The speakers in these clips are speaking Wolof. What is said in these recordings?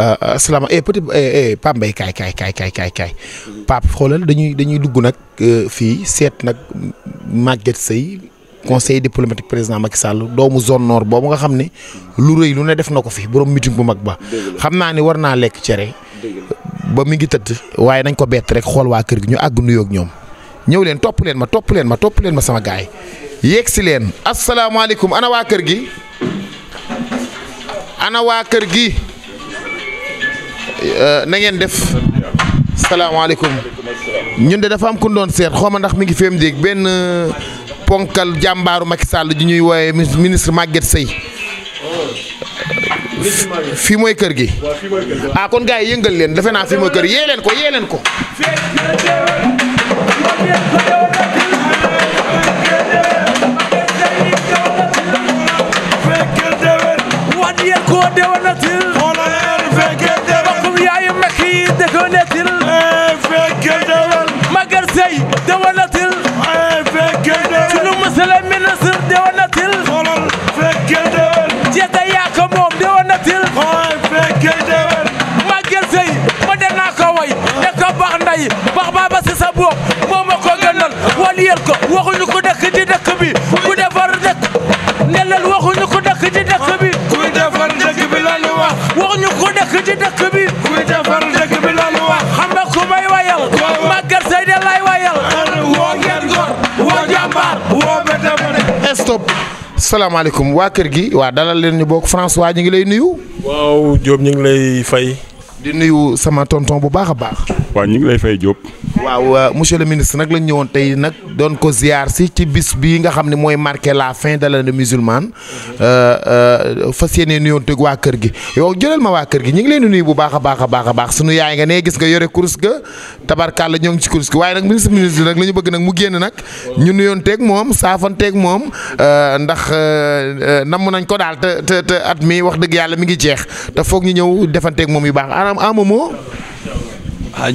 Euh, asalaama eh petit eh, eh Pape Mbaye kaay kaay kaay kaay kaay kaay Pape xoolal dañuy dañuy dugg nag euh, fii seet nag Maguette Seye conseil diplomatique président Macky Sall doomu zone nord boobu nga xam ne lu rëy def na ko fi borom meeting bu mag ba. xam naa ne war naa lekk cere. ba mi ngi tëdd. waaye nañ ko bett rek xool waa kër gi ñu àgg ñoom. ñëw leen topp leen ma topp leen ma topp leen ma sama gaay yi yéeg ana waa kër gi. ana waa kër gi. Euh, nangeen ngeen def salaamaaleykum ñun de dafa am ku doon seet xaw ndax mi ngi fem dégg benn euh, ponkal jàmbaaru Macky Sall ji ñuy woowee ministre Maguette Seye fii mooy kër gi ah kon gars yi yëngal leen defe naa fii mooy kër yee leen ko yee leen ko waay dewanatil fekkee de ci lu monsieur le ministre dewanatil xoolal fekkee de salaamaaleykum waa kër gi waa dalal leen ñu bokk waa ñu ngi lay nuyu. waaw Diop ñu ngi lay fay. di nuyu sama tonton bu baax a baax. waaw ñu ngi lay fay jóob waaw euh, monsieur le ministre nag lañ ñëwoon tey nag doon ko ziar si ci bis bii nga xam ne mooy marqué la fin de l'année musulmane mhm. euh, euh, fas yéene nuyoonteeg waa kër gi yow jëlal ma waa kër gi ñu ngi leen di nuyu bu baax a baax a baax a baax yaay nga ne gis nga yore kurus ga la ñoo ngi ci kurus gi waaye nag ministre ministre nag la ñu bëgg nag mu génn nag ñu nuyoonteeg moom saafanteeg moom ndax nam nañ ko daal te te at mi wax dëgg yàlla mi ngi jeex te foog ñu ñëw defanteeg moom yu baax anam amamoo. ah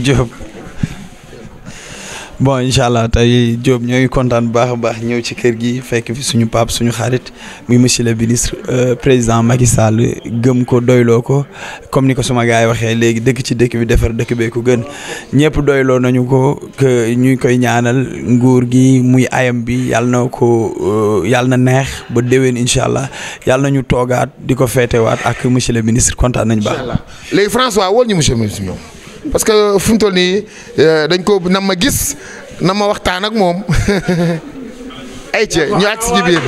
bon incha allah tey Diop ñoo kontaan bu baax a baax ñëw ci kër gi fekk fi suñu paap suñu xarit muy monsieur le ministre euh, président Macky Sall gëm ko doyloo ko comme ni ko suma gars waxee léegi dëkk ci dëkk bi defar dëkk bee ko gën ñëpp doyloo nañu ko que ñu koy ñaanal nguur gi muy ayam bi yàlla na ko euh, yàlla na neex ba deween incha allah yàlla na ñu toogaat di ko feetewaat ak monsieur le ministre kontaan nañu baax. léegi François woo ñu monsieur le ministre ñoom parce que fu mu toll nii euh, dañ ko nam ma gis nam ma waxtaan ak moom ay ci ñu àgg si ci biir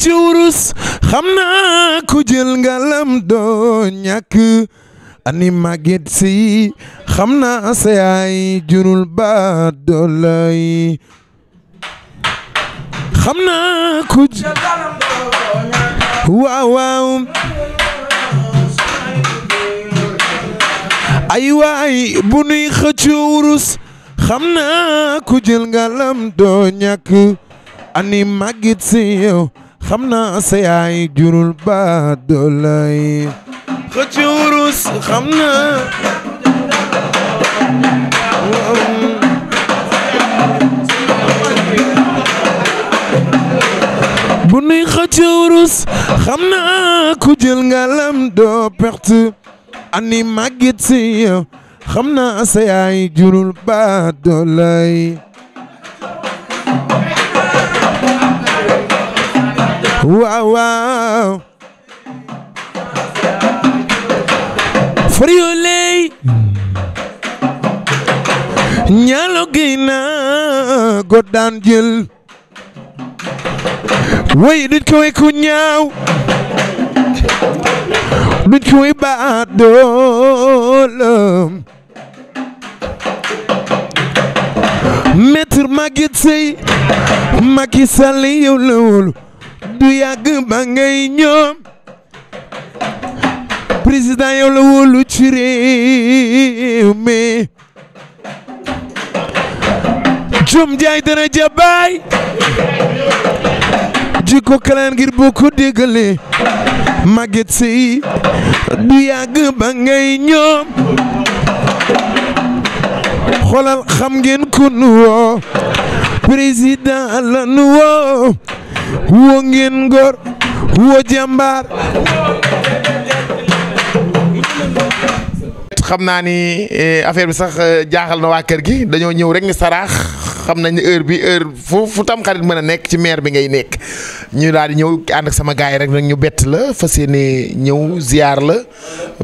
ci xam naa ku jël ngalam doo ñàkk ani màgget si xam naa sa yaay jurul ba doolay xam naa ku waaw waaw ay waay bu nuy xam naa ku jël ngalam ñàkk ani màgget si yow xam naa sa yaay jurul ba doolay xëcc wurus xam naa bu nuy xëcc wurus xam naa ku jël ngalam doo perte ani màggit si xam naa sa yaay jurul ba doolay waaw waaw for you lay ñaalo gina god daan jël ko way ku ñaaw duñ ko way baat doolam maître Maguette Seye Macky Sall yow la wóolu du yàgg ba ngay ñoom président yow la wóolu ci réew mi jom jaay dana jabaay jikko kalaan ngir boo ko déggalee màgget sey du yàgg ba ngay ñoom xoolal xam ngeen ku woo président la woo wo ngeen góor wo jàmbaar xam naa ni e, affaire bi sax e, jaaxal na waa kër gi dañoo ñëw rek ni saraax xam nañ ne heure bi heure fu fu tam mën a nekk ci maire bi ngay nekk ñu daal di ñëw ànd ak sama gars yi rek nag ñu bett la fas yéene ñëw ziar la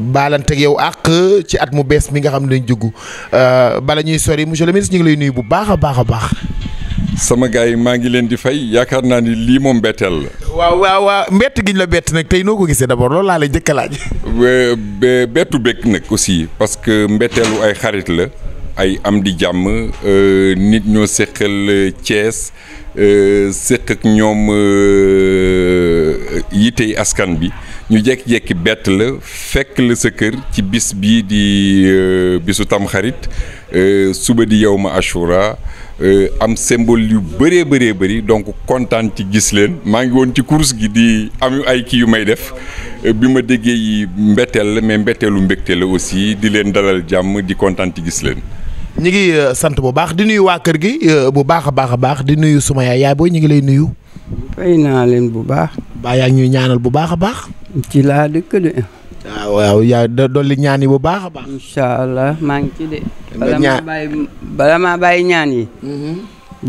baalante ak yow àq ci at mu bees mi nga xam ne dañ jógu euh, bala ñuy sori monsieur le ministre ñu ngi lay nuyu bu baax a baax a baax. sama gars yi maa ngi leen di fay yaakaar naa ni lii moom mbetteel la. waaw waaw waaw mbett giñ la bett nag tey noo ko gisee d'abord loolu laa lay njëkk a laaj. bettu bekk nag aussi parce que mbetteelu ay xarit la ay am di jàmm euh, nit ñoo séqal euh, Thiès euh, séq ñoom yitey askan bi ñu jekki-jekki bett la fekk la sa kër ci bis bii di bisu tam xarit. Euh, suba di yow ma Achoura euh, am symbole yu bëree bëree bëri donc kontaan ci gis leen maa ngi woon ci kurus gi di am ay kii yu may def euh, bi ma déggee yi mbetteel la mais mbetteelu mbégte la aussi di leen dalal jàmm di kontaan ci gis leen. ñu ngi sant bu baax di nuyu waa kër gi bu baax a baax a baax di nuyu suma yaay yaay booy ñu ngi lay nuyu. fay naa leen bu baax. baa yaa ñuy ñaanal bu baax a baax. ci laa dëkk de. waaw ah, waaw yaa dolli ñaan yi bu baax a baax. incha allah maa ngi ci de. bala maa bàyyi ñaan yi. Mm-hmm.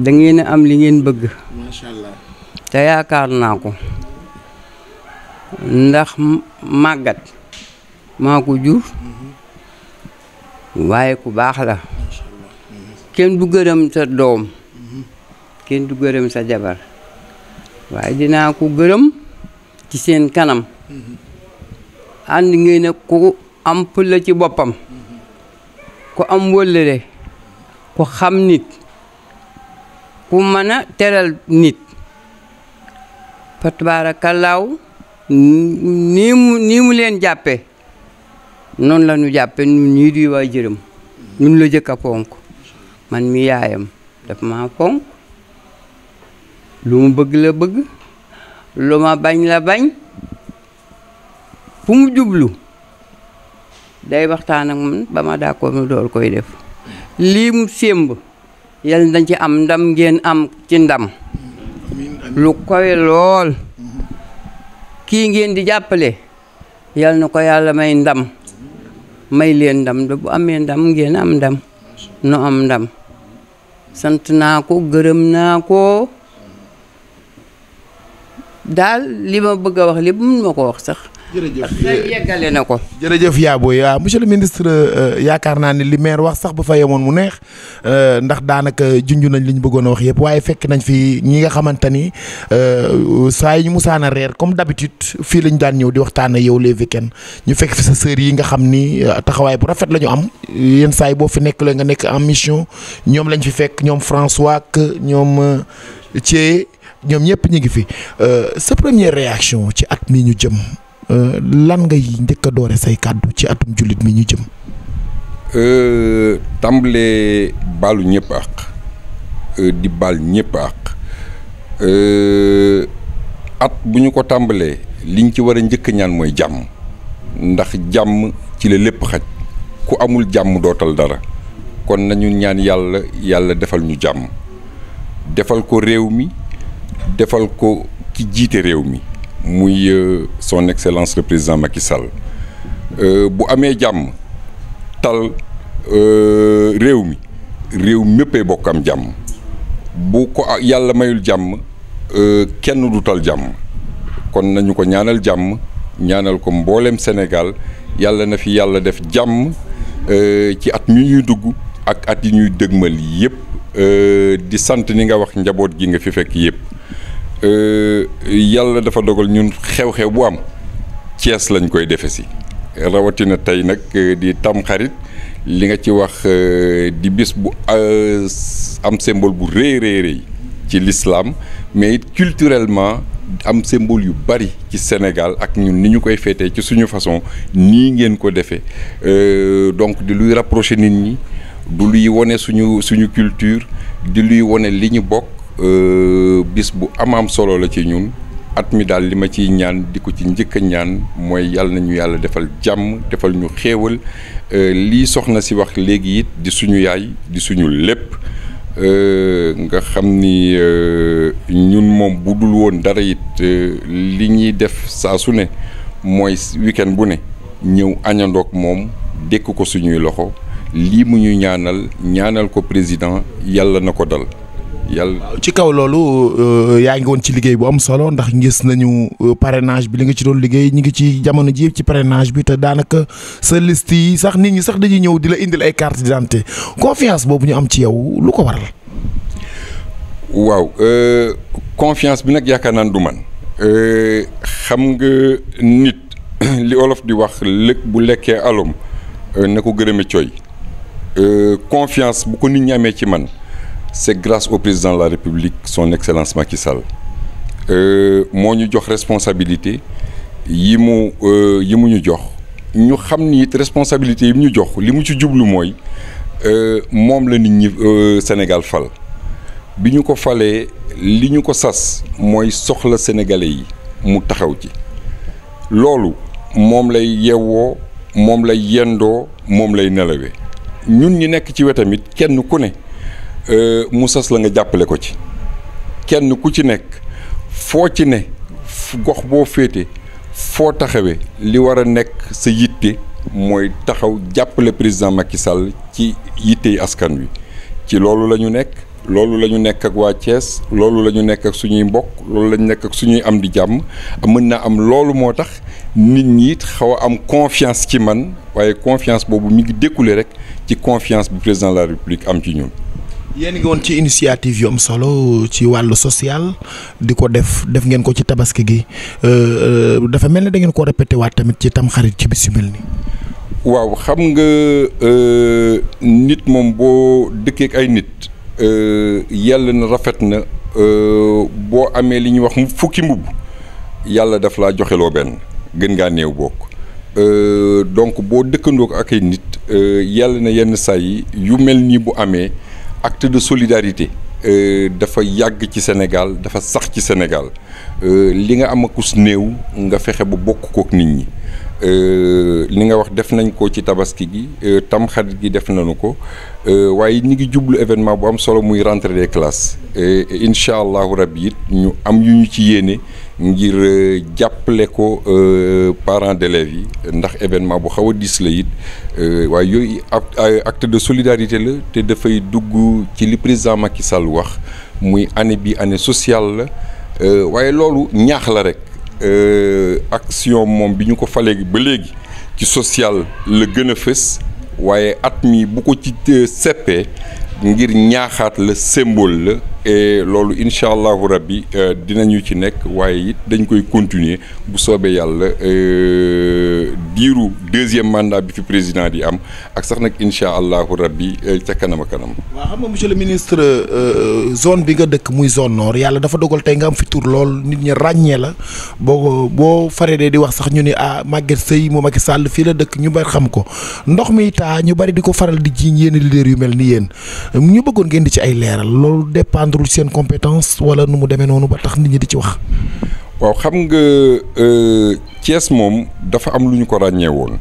da am li ngeen bëgg. macha te yaakaar naa ko ndax màggat maa ko jur mm-hmm. waaye ku baax la mm-hmm. kenn du gërëm sa doom kenn du gërëm sa jabar waaye dinaa ko gërëm ci seen kanam. ànd ngeen ne ku am fulla ci boppam ku am wëllëre ku xam nit ku mën a teral nit fa tabaarakallaaw nii mu nii mu leen jàppe noonu la ñu jàppe ñun ñii di waa jërëm ñun la jëkk a man mi yaayam daf maa lu mu bëgg lu ma la bañ fu mu jublu day waxtaan ak bama ba ma mu door koy def lii mu sémb yal nañ ci am ndam ngeen am ci ndam lu koy lool kii ngeen di jàppale yal na ko yàlla may ndam may leen ndam da bu amee ndam ngeen am ndam nu am ndam sant naa ko gërëm naa ko daal li ma bëgg a wax lépp mun ma ko wax sax jërëjëf yeggale na ko jërëjëf yaa booy ah, monsieur le ministre euh, yaakaar naa ne li maire wax sax bu fa yemoon mu neex euh, ndax daanaka junj nañ li ñu bëggoon wax yëpp waaye fekk nañ fi ñi nga xamante ni euh, saa yi ñu musaan reer comme d'habitude fii lañu daan ñëw di waxtaan yow les week ñu fekk fi sa sœur yi nga xam ni taxawaay bu rafet la ñu am yenn saa yi boo fi nekk la nga nekk en mission ñoom lañ fi fekk ñoom François ak ñoom Thié ñoom ñëpp ñu ngi fi sa première réaction ci at mi ñu jëm Euh, lan ngay njëkk a doore say kàddu ci atum jullit mi ñu jëm. Euh, tàmbalee baalu ñëpp àq euh, di baal ñëpp àq at bu ñu ko tàmbalee liñ ci war a njëkk ñaan mooy jàmm ndax jàmm ci la lépp xaj ku amul jàmm dootal dara kon nañu ñaan yàlla yàlla defal ñu jàmm defal ko réew mi defal ko ki jiite réew mi muy euh, son excellence le président Macky Sall euh, bu amee jàmm tal euh, réew mi réew méppee bokk am jàmm bu ko yàlla mayul jàmm kenn du tal jàmm kon nañu ko ñaanal jàmm ñaanal ko mboolem Sénégal yàlla na fi yàlla def jàmm ci at mi ñuy dugg ak at yi ñuy dëgmal yépp di sant ni nga wax njaboot gi nga fi fekk yépp Euh, yàlla dafa dogal ñun xew-xew bu am Cees lañ koy defe si rawatina tey nag euh, di tamxarit li nga ci wax euh, di bis bu am symbole bu rëy rëy ci lislaam mais it culturellement am symbole yu bari ci Sénégal ak ñun ni ñu koy féetee ci suñu façon nii ngeen ko defee donc di luy rapprocher nit ñi du luy wone suñu suñu culture di luy wone li ñu bokk Euh, bis bu amaam solo la ci ñun at mi daal li ma ciy ñaan di ko ci njëkk a ñaan mooy yàlla nañu yàlla defal jàmm defal ñu xéewal euh, lii soxna si wax léegi it di suñu yaay di suñu lépp euh, nga xam ni ñun moom bu woon dara it li ñuy def saa su ne mooy week bu ne ñëw añandoog moom dékk ko suñuy loxo lii mu ñu ñaanal ñaanal ko président yàlla na ko dal yàlla ci kaw loolu euh, yaa ngi woon ci liggéey bu am solo ndax ngis nañu euh, parenage bi li nga ci loolu liggéey ñu ngi ci jamono ji ci parrainage bi te daanaka sa liste yi sax nit ñi sax dañuy ñëw di la indil ay carte d'identité confiance boobu ñu am ci yow lu ko waral. waaw euh, confiance bi nag yaakaar naan du man xam nga nit li olof di wax lëkk bu lekkee alom na ko gërëme coy confiance bu ko nit ñi amee ci man. c'est grace au président la République son excellence Macky Sall euh, moo ñu jox responsabilité yi mu euh, yi mu ñu jox ñu xam ni it responsabilité yi mu ñu jox li mu ci jublu mooy euh, moom la nit ñi Sénégal fal bi ñu ko falee li ñu ko sas mooy soxla sénégalais yi mu taxaw ci loolu moom lay yewwoo moom lay yendoo moom lay nelawee ñun ñi nekk ci wetamit kenn ku ne Euh, mu sas la nga jàppale ko ci kenn ku ci nekk foo ci ne gox boo féete foo taxawee li war a nekk sa yitte mooy taxaw jàppale président Macky Sall ci yitte askan wi ci loolu la ñu nekk loolu la ñu nekk ak waa Thiès loolu la ñu nekk ak suñuy mbokk loolu lañu nekk ak suñuy am di jàmm mën naa am loolu moo tax nit ñi it xaw a am confiance ci man waaye confiance boobu mu ngi découlé rek ci confiance bu président la République am ci ñun yéen ngi woon ci initiative yoom solo ci wàllu social di ko def def ngeen ko ci tabaski gi euh, euh, dafa mel ni da ngeen ko répété waat tamit ci tamxarit ci bis waaw xam nga euh, nit moom boo dëkkee ay nit yàlla na rafet na boo amee li ñuy wax fukki mbubb yàlla daf laa joxeloo benn gën ngaa néew bokk. donc boo dëkkandoo ak ay nit yàlla na yenn saa yi yu mel nii bu amee. acte de solidarité euh, dafa yàgg ci Sénégal dafa sax ci Sénégal euh, li nga am akus néew nga fexe ba bokk kook nit ñi Euh, li nga wax def nañ ko ci tabaski gi euh, tam gi def nañu ko euh, waaye ñi ngi jublu événement bu am solo muy rentre des classes incha allahu rab it ñu am yu ñu ci yéene ngir jàppale ko parents d'élèves yi ndax événement bu xaw a diis la it waaye yooyu acte de solidarité la te dafay dugg ci li président Macky Sall wax muy année bi année sociale la waaye loolu ñaax la rek Euh, action moom bi ñu ko falee ba léegi ci social la gën a fës waaye at mi bu ko ci euh, seppee ngir ñaaxaat la symbole la et eh, loolu incha allahu rabbi eh, dinañu ci nekk waaye it dañ koy continuer bu soobee yàlla eh, diiru deuxième mandat bi fi président di am ak sax nag incha allahu rabbi ca kanam a kanam. waaw xam nga monsieur le ministre euh, euh, zone bi nga dëkk muy zone noor yàlla dafa dogal tey nga am fi tur lool nit ñi ràññee la boo boo faree dee di wax sax ñu ni ah Maguette Seye mu Macky sàll fii la dëkk ñu bari xam ko ndox mi taa ñu bari di ko faral di jiiñ yenn leader yu mel ni yéen ñu bëggoon ngeen di ci ay leeral comprendrewul seen compétence wala nu mu demee noonu ba tax nit ñi di ci wax. waaw xam nga euh, Thiès moom dafa am lu ñu ko ràññee woon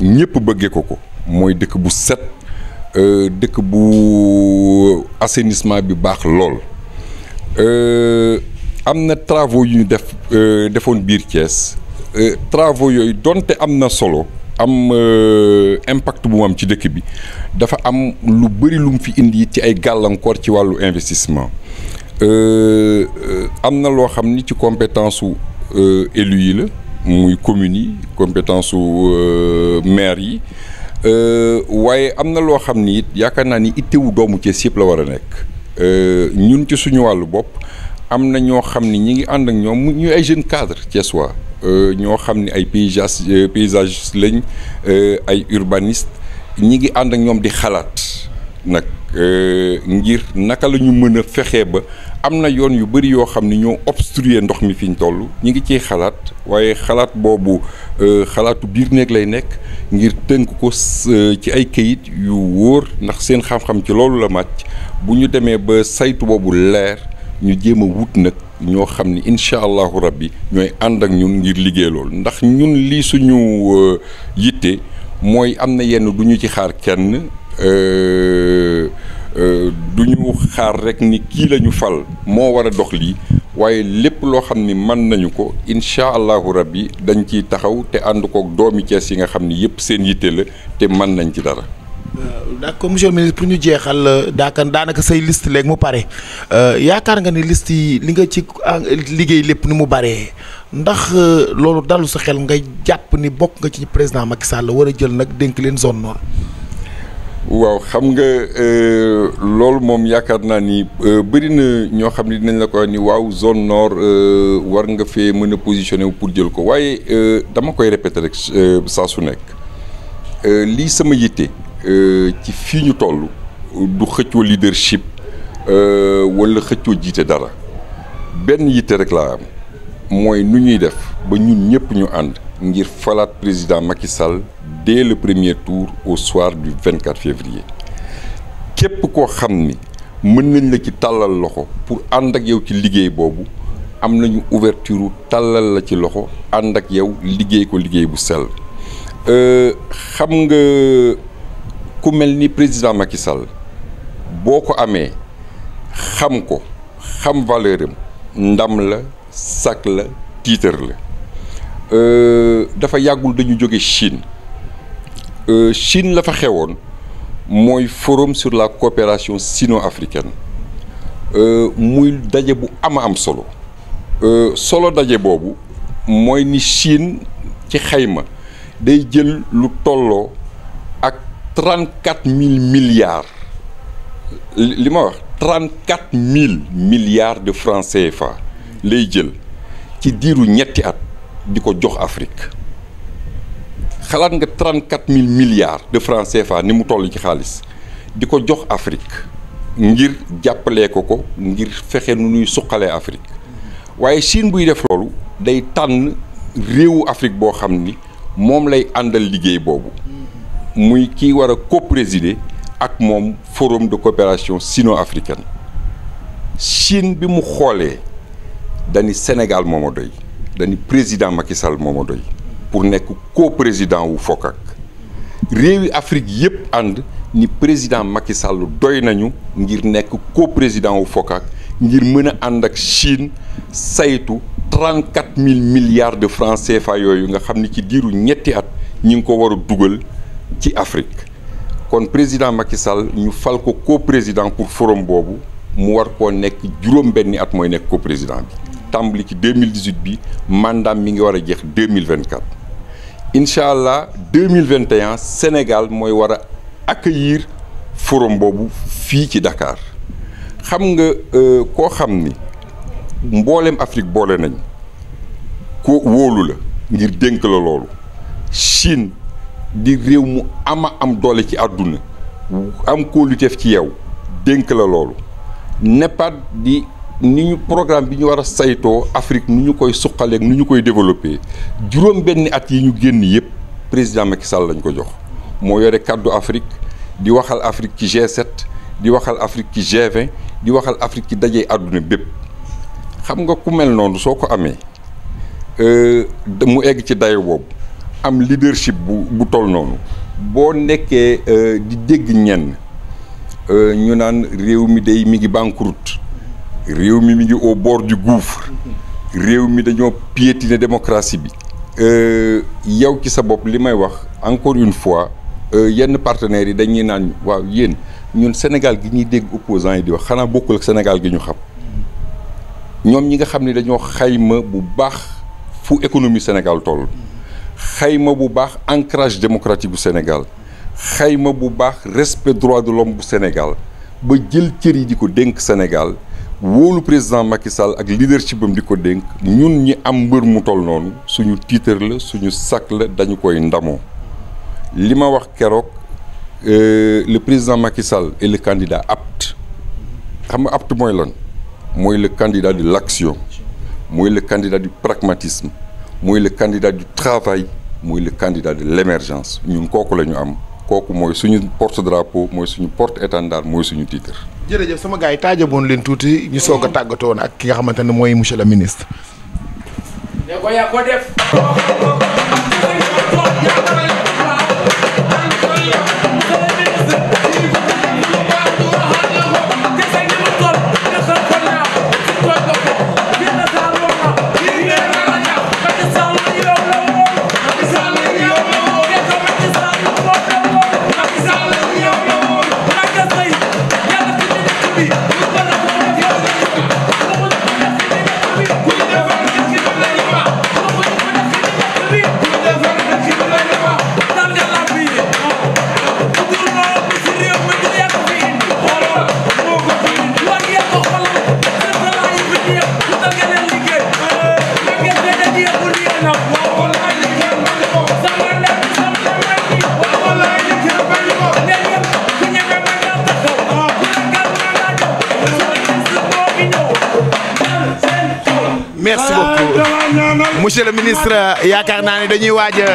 ñëpp bëggee ko ko mooy dëkk bu set euh, dëkk bu assainissement bi baax lool euh, am na travaux yu ñu def defoon biir Thiès travaux yooyu donte am na solo. am euh, impact bu mu ci dëkk bi dafa am lu bëri lum fi indi ci ay gàllankoor ci wàllu investissement euh, euh, am na loo xam ni ci compétence su élu yi la muy communes yi compétence su maire yi waaye am na loo xam ni it yaakaar naa ni ittewu doomu Cees yëpp la war a nekk ñun ci suñu wàllu bopp am na ñoo xam ni ñi ngi ànd ak ñoom ñu ay jeunes cadre Cees waa Euh, ñoo xam ni ay paysage euh, paysagistes lañ euh, ay urbanistes ñi ngi ànd ak ñoom di xalaat nag ngir naka lañu ñu mën a fexee ba am na yoon yu bëri yoo xam ni ñoo obstruer ndox mi fi ñu toll ñu ngi ciy xalaat waaye xalaat boobu xalaatu biir néeg lay nekk ngir tënk ko ci ay kayit yu wóor ndax seen xam-xam ci loolu la màcc bu ñu demee ba saytu boobu leer ñu jéem a wut nag ñoo xam ni incha allahu rabbi ñooy ànd ak ñun ngir liggéey loolu ndax ñun lii suñu euh, yitte mooy am na yenn du ñu ci xaar kenn euh, euh, du ñu xaar rek ni kii lañu fal moo war a dox lii waaye lépp loo xam ni mën nañu ko incha allahu rabbi dañ ciy taxaw te ànd kook doomi Cees yi nga xam ni yépp seen yitte la te mën nañ ci dara Euh, d'accord monsieur le ministre pour ñu jeexal euh, daakan daanaka say list léegi mu pare euh, yaakaar nga ni list yi li nga ci liggéey lépp ni mu baree ndax loolu dalu sa xel nga jàpp ni bokk nga ci président Macky Sall war a jël nag dénk leen zone nord. waaw xam nga loolu moom yaakaar naa ni bëri na ñoo xam ne dinañ la ko ni waaw zone nord war nga fee mën a positionné wu pour jël ko waaye dama koy répété rek saa su nekk lii sama yitte. Euh, ci fii ñu toll du xëccoo leadership euh, wala xëccoo jiite dara benn yitte rek laa am mooy nu ñuy def ba ñun ñëpp ñu ànd ngir falaat président Macky Sall dès le premier tour au soir du 24 février képp ko xam ni mën nañ la ci tàllal loxo pour ànd ak yow ci liggéey boobu am nañu ouverture tàllal la ci loxo ànd ak yow liggéey ko liggéey bu sell euh, xam nga ku mel ni président Macky Sall boo ko amee xam ko xam valeur ndam la sac la tiitar la euh, dafa yàggul dañu jóge Chine euh, Chine la fa xewoon mooy forum sur la coopération sino-africaine euh, muy daje bu am a am solo solo daje boobu mooy ni Chine ci xayma day jël lu tolloo 34 mille milliards li ma wax 34 mille milliards de francs CFA lay jël ci diiru ñetti at di ko jox Afrique xalaat nga 34 mille milliards de francais CFA ni mu toll ci xaalis di ko jox Afrique ngir jàppale ko ko ngir fexe nu ñuy suqalee Afrique waaye Chine buy def loolu day tànn réewu Afrique boo xam ni moom lay àndal liggéey boobu. muy kii war a co-présider ak moom forum de coopération sino-africaine Chine bi mu xoolee dañu Sénégal moo ma doy dañu président Macky Sall moo doy pour nekk co-président wu FOCAC réewi Afrique yépp ànd ni président Macky Sall doy nañu ngir nekk co-président wu ak ngir mën a ànd ak Chine saytu trente-quatre mille milliards de francs CFA yooyu nga xam ni ci diiru ñetti at ñi ngi ko war a dugal ci Afrique kon président Macky Sall ñu fal ko ko président pour forum boobu mu war ko nekk juróom-benni at mooy nekk ko président bi. tàmbali ci 2018 bi mandat mi ngi war a jeex 2024 incha allah 2021 Sénégal mooy war a accueillir forum boobu fii ci Dakar xam nga euh, koo xam ni mboolem Afrique boole nañ ko wóolu la ngir dénk la loolu Chine. di réew mu ama am doole ci àdduna am kóoluteef ci yow dénk la loolu NEPAD di ni ñu programme bi ñu war a saytoo Afrique nu ñu koy suqaleeg nu ñu koy développé juróom benni at yi ñu génn yëpp président Macky Sall lañ ko jox moo yore kàddu Afrique di waxal Afrique ci g di waxal Afrique ci g di waxal Afrique ci dajee àdduna bépp xam nga ku mel noonu soo ko amee euh, mu egg ci dayo boobu am leadership bu bu toll noonu boo nekkee euh, di dégg ñenn euh, ñu naan réew mi day mi ngi banqueroute réew mi mi ngi au du réew mi dañoo piétiner démocratie bi euh, yow ci sa bopp li may wax encore une fois yenn partenaires yi dañuy naan waaw yéen ñun Sénégal gi ñuy dégg opposants yi di wax xanaa bokkul ak Sénégal gi ñu xam ñoom ñi nga xam ne dañoo xayma bu baax fu économie Sénégal toll xayma bu baax ancrage démocratique bu Sénégal xayma bu baax respect droit de l'homme bu Sénégal ba jël cër yi di ko dénk Sénégal wóolu président Macky Sall ak leadership am di ko dénk ñun ñi am mbër mu toll noonu suñu titre la suñu sac la dañu koy ndamoo li ma wax keroog euh, le président Macky Sall est le candidat xam nga apte mooy lan mooy le candidat de l'action mooy le candidat du pragmatisme muy le candidat du travail muy le candidat de l'émergence ñun kooku la ñu am kooku mooy suñu porte drapeau mooy suñu porte étendard mooy suñu titre. jërëjëf sama gars yi taajaboon leen tuuti ñu soo a tàggatoo ak ki nga xamante ne mooy monsieur le ministre. merci beaucoup monsieur le ministre yaakaar naa ne dañuy waaj a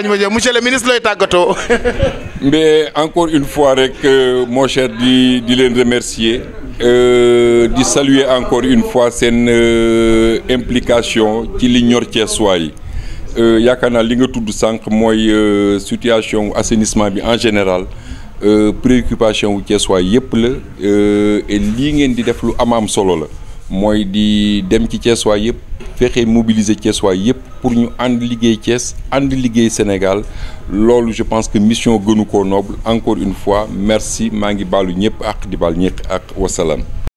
lañ ma jëm le ministre looy tàggatoo. mais encore une fois rek euh, mon cher di di leen remercier euh, di saluer encore une fois seen euh, implication ci li ñor Ceesuwaa yi yaakaar naa li nga tudd sànq mooy situation assainissement bi en général préoccupation wu Ceesuwaa yëpp la e lii ngeen di def lu am am solo la mooy di dem ci Ceesuwaa yëpp. fexe mobiliser Thiès waay yëpp pour ñu ànd liggéey Thiès ànd liggéey Sénégal loolu je pense que mission gënu ko noble encore une fois merci maa ngi baalu ñëpp ak di baal ñëpp ak wasalaam.